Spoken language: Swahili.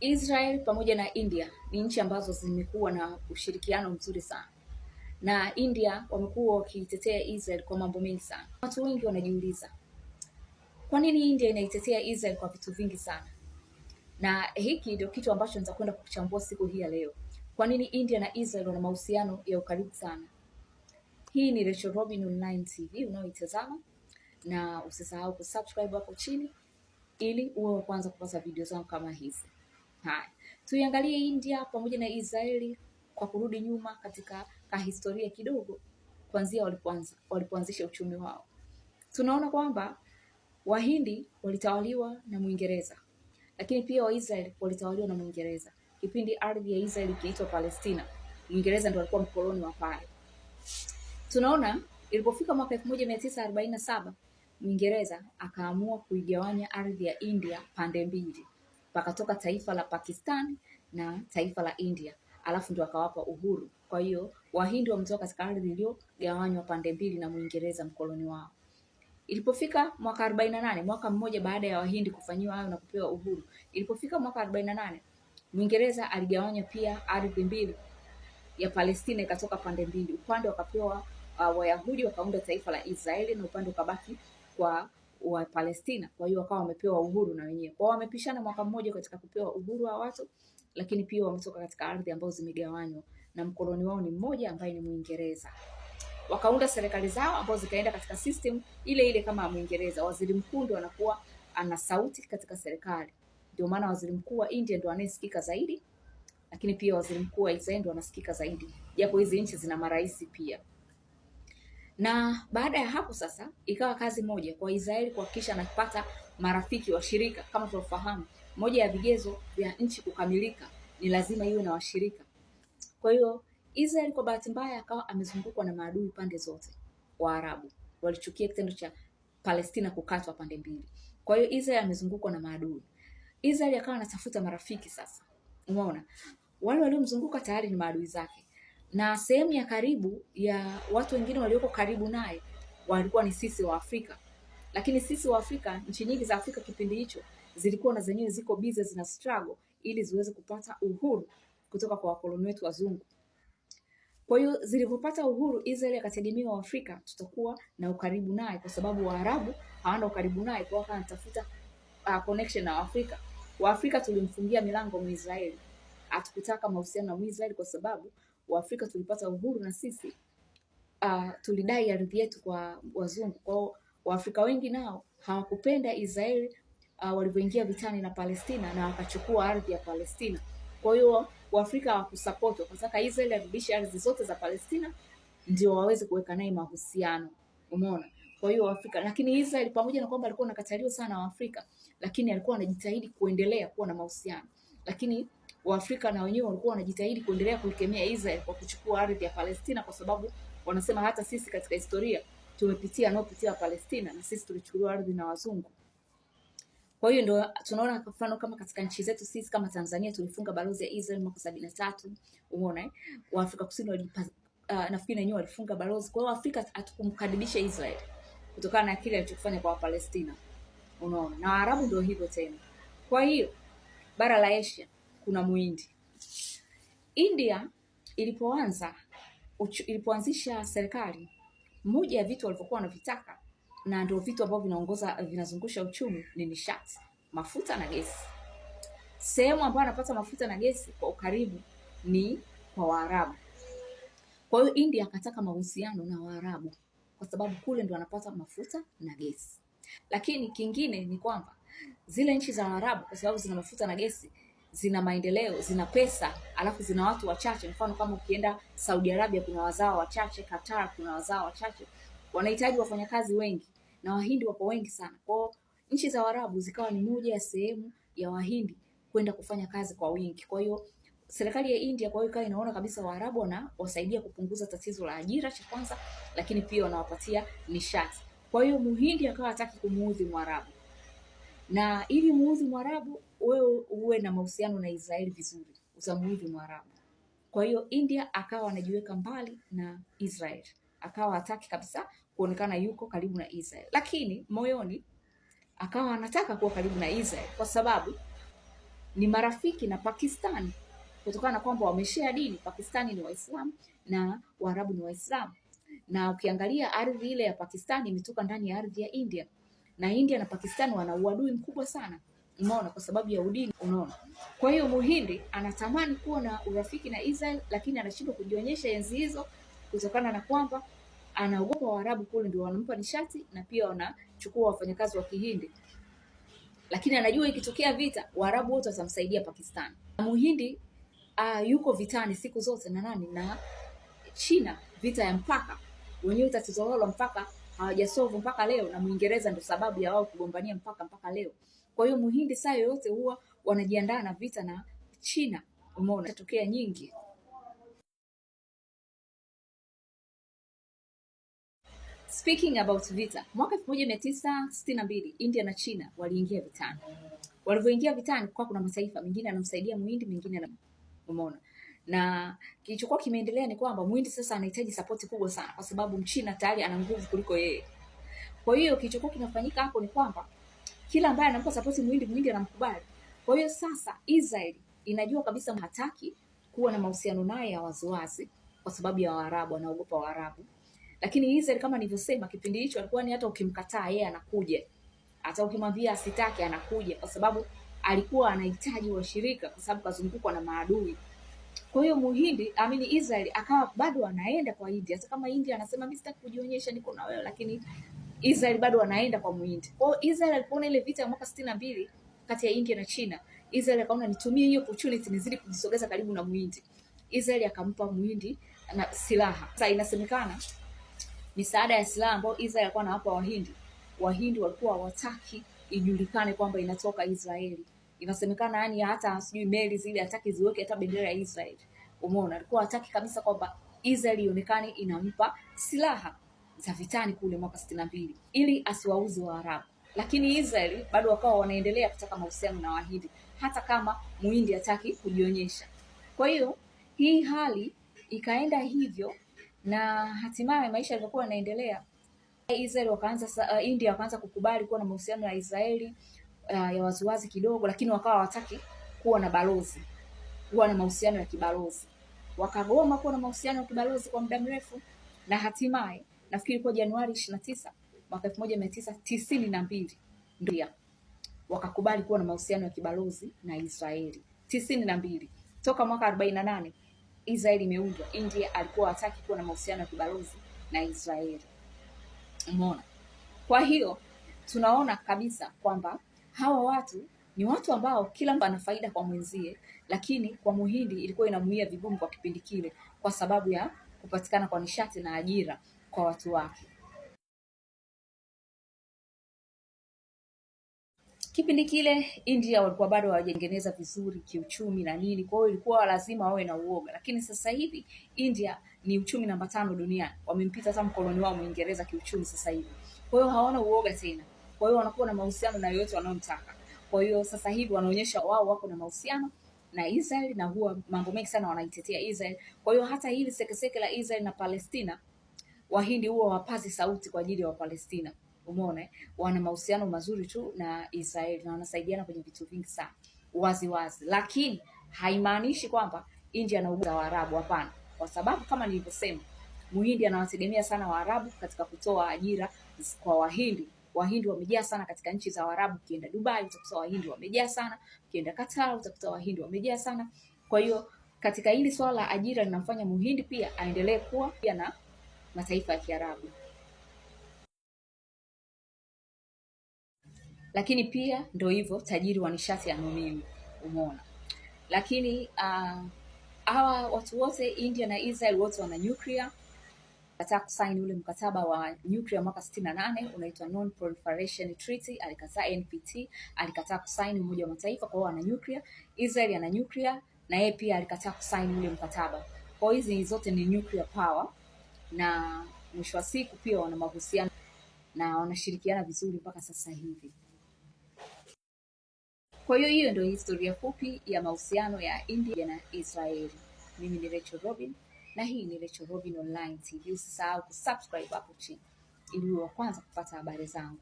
Israel pamoja na India ni nchi ambazo zimekuwa na ushirikiano mzuri sana, na India wamekuwa wakiitetea Israel kwa mambo mengi sana. Watu wengi wanajiuliza kwa nini India inaitetea Israel kwa vitu vingi sana, na hiki ndio kitu ambacho nitakwenda kuchambua siku hii ya leo, kwa nini India na Israel wana mahusiano ya ukaribu sana. Hii ni Rachel Robin Online TV unaoitazama, na usisahau kusubscribe hapo chini ili uwe wa kwanza kupata video zangu kama hizi. Haya, tuiangalie India pamoja na Israeli kwa kurudi nyuma katika kahistoria kidogo, kuanzia walipoanza walipoanzisha uchumi wao. Tunaona kwamba Wahindi walitawaliwa na Mwingereza, lakini pia Waisraeli walitawaliwa na Mwingereza kipindi ardhi ya Israeli ikiitwa Palestina. Mwingereza ndio alikuwa mkoloni wa pale. Tunaona ilipofika mwaka 1947 Mwingereza akaamua kuigawanya ardhi ya India pande mbili pakatoka taifa la Pakistan na taifa la India, alafu ndio akawapa uhuru. Kwa hiyo Wahindi wametoka katika ardhi iliyogawanywa pande mbili na Mwingereza mkoloni wao. Ilipofika mwaka 48, mwaka mmoja baada ya Wahindi kufanyiwa hayo na kupewa uhuru, ilipofika mwaka 48, Mwingereza aligawanya pia ardhi mbili ya Palestina, ikatoka pande mbili, upande wakapewa uh, Wayahudi wakaunda taifa la Israeli na upande ukabaki kwa wa Palestina, kwa hiyo wakawa wamepewa uhuru na wenyewe. Kwao wamepishana mwaka mmoja katika kupewa uhuru wa watu, lakini pia wametoka katika ardhi ambazo zimegawanywa na mkoloni wao ni mmoja ambaye ni Mwingereza. Wakaunda serikali zao ambazo zikaenda katika system ile ile kama Mwingereza. Waziri mkuu ndio anakuwa ana sauti katika serikali, ndio maana waziri mkuu wa India ndio anayesikika zaidi, lakini pia waziri mkuu wa Israel ndio anasikika zaidi, japo hizi nchi zina marais pia na baada ya hapo sasa ikawa kazi moja kwa Israeli kuhakikisha anapata marafiki washirika. Kama tunavyofahamu, moja ya vigezo vya nchi kukamilika ni lazima iwe na washirika. Kwa hiyo Israel kwa bahati mbaya akawa amezungukwa na maadui pande zote. Waarabu walichukia kitendo cha Palestina kukatwa pande mbili, kwa hiyo Israel amezungukwa na maadui. Israel akawa anatafuta marafiki sasa, umeona wale waliomzunguka tayari ni maadui zake na sehemu ya karibu ya watu wengine walioko karibu naye walikuwa ni sisi wa Afrika, lakini sisi wa Afrika, nchi nyingi za Afrika kipindi hicho zilikuwa na zenyewe ziko bize zina struggle ili ziweze kupata uhuru kutoka kwa wakoloni wetu wazungu. Kwa hiyo zilivyopata uhuru, Israeli akategemea Afrika, tutakuwa na ukaribu naye, kwa sababu Waarabu hawana ukaribu naye, kwa hiyo anatafuta uh, connection na Waafrika. Waafrika tulimfungia milango Mwisraeli, hatukutaka mahusiano na Mwisraeli kwa sababu Waafrika tulipata uhuru na sisi uh, tulidai ardhi yetu kwa wazungu. Kwao Waafrika wengi nao hawakupenda Israeli uh, walivyoingia vitani na Palestina na wakachukua ardhi ya Palestina. Kwa hiyo Waafrika hawakusapoti, wakataka Israeli arudishe ardhi zote za Palestina ndio waweze kuweka naye mahusiano. Umeona? Kwa hiyo Waafrika, lakini Israeli pamoja na kwamba alikuwa anakataliwa sana Waafrika, lakini alikuwa anajitahidi kuendelea kuwa na mahusiano, lakini Waafrika na wenyewe walikuwa wanajitahidi kuendelea kuikemea Israel kwa kuchukua ardhi ya Palestina, kwa sababu wanasema hata sisi katika historia tumepitia anaopitia Palestina na sisi tulichukuliwa ardhi na wazungu. Kwa hiyo ndio tunaona kwa mfano kama katika nchi zetu sisi kama Tanzania tulifunga balozi ya Israel mwaka sabini na tatu. Umeona eh? Waafrika Kusini walipa, uh, nafikiri wenyewe walifunga balozi. Kwa hiyo Afrika hatukumkaribisha Israel kutokana na kile alichofanya kwa Wapalestina. Unaona? Na Waarabu ndio hivyo tena. Kwa hiyo bara la Asia kuna Muhindi. India ilipoanza ilipoanzisha serikali, moja ya vitu walivyokuwa wanavitaka na ndio vitu ambavyo vinaongoza vinazungusha uchumi ni nishati, mafuta na gesi. Sehemu ambayo anapata mafuta na gesi kwa ukaribu ni kwa Waarabu. Kwa hiyo India akataka mahusiano na Waarabu kwa sababu kule ndo anapata mafuta na gesi. Lakini kingine ni kwamba zile nchi za Waarabu kwa sababu zina mafuta na gesi zina maendeleo, zina pesa, alafu zina watu wachache. Mfano kama ukienda Saudi Arabia kuna wazao wachache, Qatar kuna wazao wachache, wanahitaji wafanyakazi wengi na wahindi wapo wengi sana. Kwa nchi za Waarabu zikawa ni moja ya sehemu ya wahindi kwenda kufanya kazi kwa wingi. Kwa hiyo serikali ya India kwa hiyo ikawa inaona kabisa Waarabu wanawasaidia kupunguza tatizo la ajira cha kwanza, lakini pia wanawapatia nishati. Kwa hiyo Muhindi akawa hataki kumuudhi Mwarabu, na ili muudhi Mwarabu wewe uwe na mahusiano na Israeli vizuri, uzamuhivi Mwarabu. Kwa hiyo India akawa anajiweka mbali na Israel, akawa hataki kabisa kuonekana yuko karibu na Israel, lakini moyoni akawa anataka kuwa karibu na Israel kwa sababu ni marafiki na Pakistan, kutokana na kwamba wameshea dini. Pakistani ni Waislamu na Waarabu ni Waislamu, na ukiangalia ardhi ile ya Pakistani imetoka ndani ya ardhi ya India, na India na pakistani wana uadui mkubwa sana. Unaona, kwa sababu ya udini. Unaona, kwa hiyo Muhindi anatamani kuwa na urafiki na Israel, lakini anashindwa kujionyesha enzi hizo kutokana na kwamba anaogopa Waarabu kule ndio wanampa nishati na pia wanachukua wafanyakazi wa Kihindi, lakini anajua ikitokea vita Waarabu wote watamsaidia Pakistan. Muhindi uh, yuko vitani siku zote na nani na China, vita ya mpaka wenyewe, tatizo lao la mpaka hawajasolve uh, mpaka leo, na Mwingereza ndio sababu ya wao kugombania mpaka mpaka leo. Kwa hiyo Muhindi saa yoyote huwa wanajiandaa na vita na China, umeona tatokea nyingi. Speaking about vita, mwaka 1962 India na China waliingia vitani. Walivyoingia vitani, kwa kuna mataifa mengine yanamsaidia Muhindi, mengine na umeona na kilichokuwa kimeendelea ni kwamba Muhindi sasa anahitaji sapoti kubwa sana, kwa sababu Mchina tayari ana nguvu kuliko yeye. Kwa hiyo kilichokuwa kinafanyika hapo ni kwamba kila ambaye anampa support Muhindi, Muhindi anamkubali. Kwa hiyo sasa Israel inajua kabisa hataki kuwa na mahusiano naye ya waziwazi kwa sababu ya Waarabu, anaogopa Waarabu. Lakini Israel kama nilivyosema, kipindi hicho alikuwa ni hata ukimkataa yeye anakuja, hata ukimwambia asitaki anakuja, kwa sababu alikuwa anahitaji washirika, kwa sababu kazungukwa na maadui. Kwa hiyo Muhindi amini Israel akawa bado anaenda kwa India, hata kama India anasema mimi sitaki kujionyesha niko na wewe, lakini Israel bado wanaenda kwa Muhindi. Kwa hiyo Israel alipoona ile vita ya mwaka sitini na mbili kati ya India na China, Israel akaona nitumie hiyo opportunity nizidi kujisogeza karibu na Muhindi. Israel akampa Muhindi na silaha. Sasa inasemekana misaada ya silaha ambayo Israel alikuwa anawapa Wahindi, Wahindi walikuwa hawataki ijulikane kwamba inatoka Israeli. Inasemekana yani hata sijui meli zile hataki ziweke hata bendera ya Israeli. Umeona, alikuwa hataki kabisa kwamba Israel ionekane inampa silaha za vitani kule mwaka sitini na mbili ili asiwauze Waarabu, lakini Israeli bado wakawa wanaendelea kutaka mahusiano na Wahindi hata kama Muhindi hataki kujionyesha. Kwa hiyo hii hali ikaenda hivyo na hatimaye maisha yalivyokuwa yanaendelea, Israeli wakaanza uh, India wakaanza kukubali kuwa na mahusiano ya Israeli uh, ya waziwazi kidogo, lakini wakawa hawataki kuwa na balozi, kuwa na mahusiano ya kibalozi. Wakagoma kuwa na mahusiano ya kibalozi kwa muda mrefu na hatimaye nafikiri kwa Januari 29 mwaka 1992 ndio wakakubali kuwa na mahusiano ya kibalozi na Israeli. tisini na mbili toka mwaka 48 Israeli imeundwa, India alikuwa hataki kuwa na mahusiano ya kibalozi na Israeli. Umeona? Kwa hiyo tunaona kabisa kwamba hawa watu ni watu ambao kila mtu ana faida kwa mwenzie, lakini kwa Muhindi ilikuwa inamuia vigumu kwa kipindi kile, kwa sababu ya kupatikana kwa nishati na ajira kwa watu wake. Kipindi kile India walikuwa bado hawajengeneza vizuri kiuchumi na nini, kwa hiyo ilikuwa lazima wawe na uoga, lakini sasa hivi India ni uchumi namba tano duniani, wamempita hata mkoloni wao Mwingereza kiuchumi sasa hivi. Kwa hiyo hawana uoga tena, kwa hiyo wanakuwa na mahusiano na yoyote wanayomtaka. Kwa hiyo sasa hivi wanaonyesha wao wako na mahusiano na Israel na huwa mambo mengi sana wanaitetea Israel. Kwa hiyo hata hili sekeseke la Israel na Palestina Wahindi huwa wapazi sauti kwa ajili ya Wapalestina. Umeona, wana mahusiano mazuri tu na Israeli na wanasaidiana kwenye vitu vingi sana wazi wazi, lakini haimaanishi kwamba India na uga Waarabu, hapana, kwa sababu kama nilivyosema, Muhindi anawategemea sana Waarabu katika kutoa ajira kwa Wahindi. Wahindi wamejaa sana katika nchi za Waarabu. Ukienda Dubai utakuta Wahindi wamejaa sana, ukienda Qatar utakuta Wahindi wamejaa sana. Kwa hiyo katika hili swala la ajira linamfanya Muhindi pia aendelee kuwa pia na mataifa ya Kiarabu. Lakini pia ndio hivyo tajiri wa nishati ya nomini, umeona. Lakini uh, hawa uh, watu wote India na Israel wote wana nuclear kataa kusaini ule mkataba wa nuclear mwaka 68 unaitwa Non Proliferation Treaty, alikataa NPT, alikataa kusaini Umoja wa Mataifa kwa wana nuclear. Israel ana nuclear na yeye pia alikataa kusaini ule mkataba. Kwa hizi zote ni nuclear power na mwisho wa siku pia wana mahusiano na wanashirikiana vizuri mpaka sasa hivi. Kwa hiyo hiyo ndio historia fupi ya mahusiano ya India na Israeli. Mimi ni Rachel Robin na hii ni Rachel Robin Online TV. Usisahau kusubscribe hapo chini ili uwe wa kwanza kupata habari zangu.